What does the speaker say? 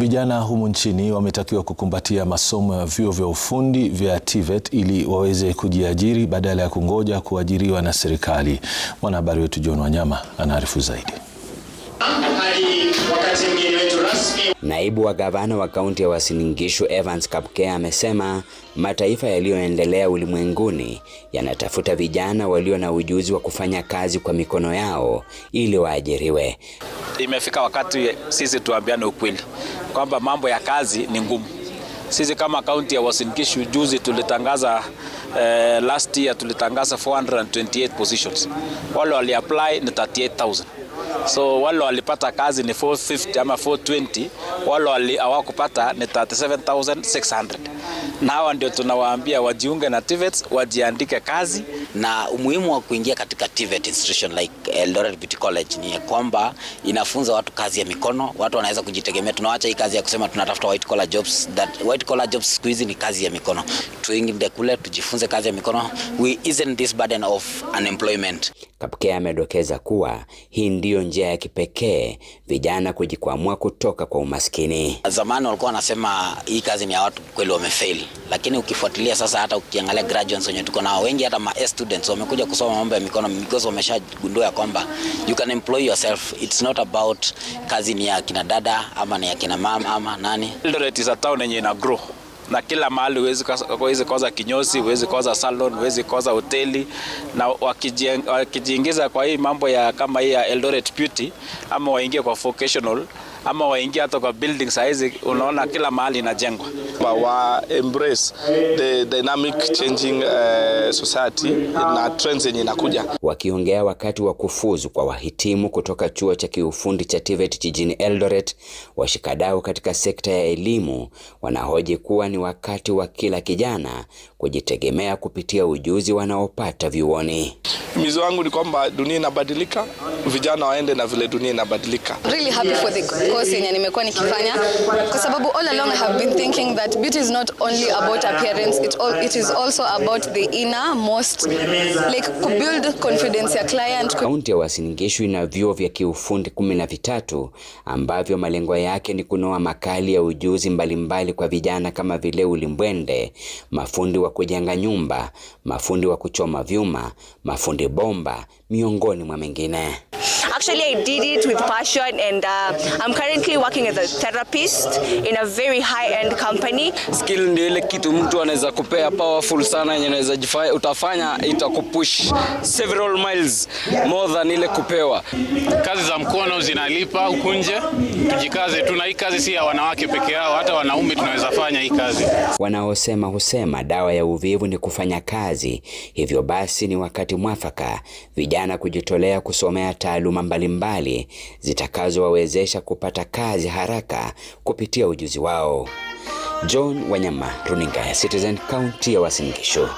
Vijana humu nchini wametakiwa kukumbatia masomo ya vyuo vya ufundi vya TVET ili waweze kujiajiri badala ya kungoja kuajiriwa na serikali. Mwanahabari wetu John Wanyama anaarifu zaidi wakati mgeni wetu rasmi. Naibu wa gavana wa kaunti ya Uasin Gishu Evans Kapkea amesema mataifa yaliyoendelea ulimwenguni yanatafuta vijana walio na ujuzi wa kufanya kazi kwa mikono yao ili waajiriwe. Imefika wakati sisi tuambiane ukweli kwamba mambo ya kazi ni ngumu. Sisi kama kaunti ya Uasin Gishu juzi tulitangaza eh, last year tulitangaza 428 positions. Wale wali apply ni 38000 so wale walipata kazi ni 450 ama 420, wale hawakupata ni 37600 na hawa ndio tunawaambia wajiunge na TVETS, wajiandike kazi. Na umuhimu wa kuingia katika TVET e institution like Eldoret Beauty College ni kwamba inafunza watu kazi ya mikono, watu wanaweza kujitegemea. Tunawacha hii kazi ya kusema tunatafuta white collar jobs, that white collar jobs siku hizi ni kazi ya mikono. Tuingie kule tujifunze kazi ya mikono, we isn't this burden of unemployment. Kapkea amedokeza kuwa hii ndiyo njia ya kipekee vijana kujikwamua kutoka kwa umaskini. Zamani walikuwa wanasema hii kazi ni ya watu kweli wamefail, lakini ukifuatilia sasa, hata ukiangalia graduates wenye tuko nao wengi, hata ma students wamekuja kusoma mambo ya mikono because wameshagundua ya kwamba you can employ yourself, it's not about kazi ni ya kina dada ama ni ya kina mama ama nani. Eldoret is a town yenye ina grow na kila mahali. Huwezi koza kinyozi, huwezi koza salon, huwezi koza hoteli. Na wakijiingiza kwa hii mambo ya kama hii ya Eldoret Beauty ama waingie kwa vocational ama waingia hata kwa building saizi, unaona kila mahali inajengwa. Wa embrace the dynamic changing uh, society na trends yenye inakuja. Wakiongea wakati wa kufuzu kwa wahitimu kutoka chuo cha kiufundi cha TVET jijini Eldoret, washikadau katika sekta ya elimu wanahoji kuwa ni wakati wa kila kijana kujitegemea kupitia ujuzi wanaopata vyuoni. Mizo wangu ni kwamba dunia inabadilika, vijana waende na vile dunia inabadilika. Really happy for the course yenye nimekuwa nikifanya kwa sababu all along I have been thinking that beauty is not only about appearance, it all, it is also about the inner most like to build confidence ya client. Kaunti ya Uasin Gishu ina vyuo vya kiufundi kumi na vitatu ambavyo malengo yake ni kunoa makali ya ujuzi mbalimbali mbali kwa vijana kama vile ulimbwende, mafundi wa kujenga nyumba, mafundi wa kuchoma vyuma, mafundi Fundi Bomba miongoni mwa mengine. Actually, I did it with passion, and uh, I'm currently working as a therapist in a very high-end company. Skill ndio ile kitu mtu anaweza kupea powerful sana yenye anaweza utafanya itakupush several miles more than ile kupewa. Kazi za mkono zinalipa ukunje, tujikaze tu, na hii kazi si ya wanawake peke yao, hata wanaume tunaweza fanya hii kazi. Wanaosema husema dawa ya uvivu ni kufanya kazi, hivyo basi ni wakati mwafaka vijana kujitolea kusomea taaluma taaluma mbalimbali zitakazowawezesha kupata kazi haraka kupitia ujuzi wao. John Wanyama, Runinga ya Citizen, kaunti ya Uasin Gishu.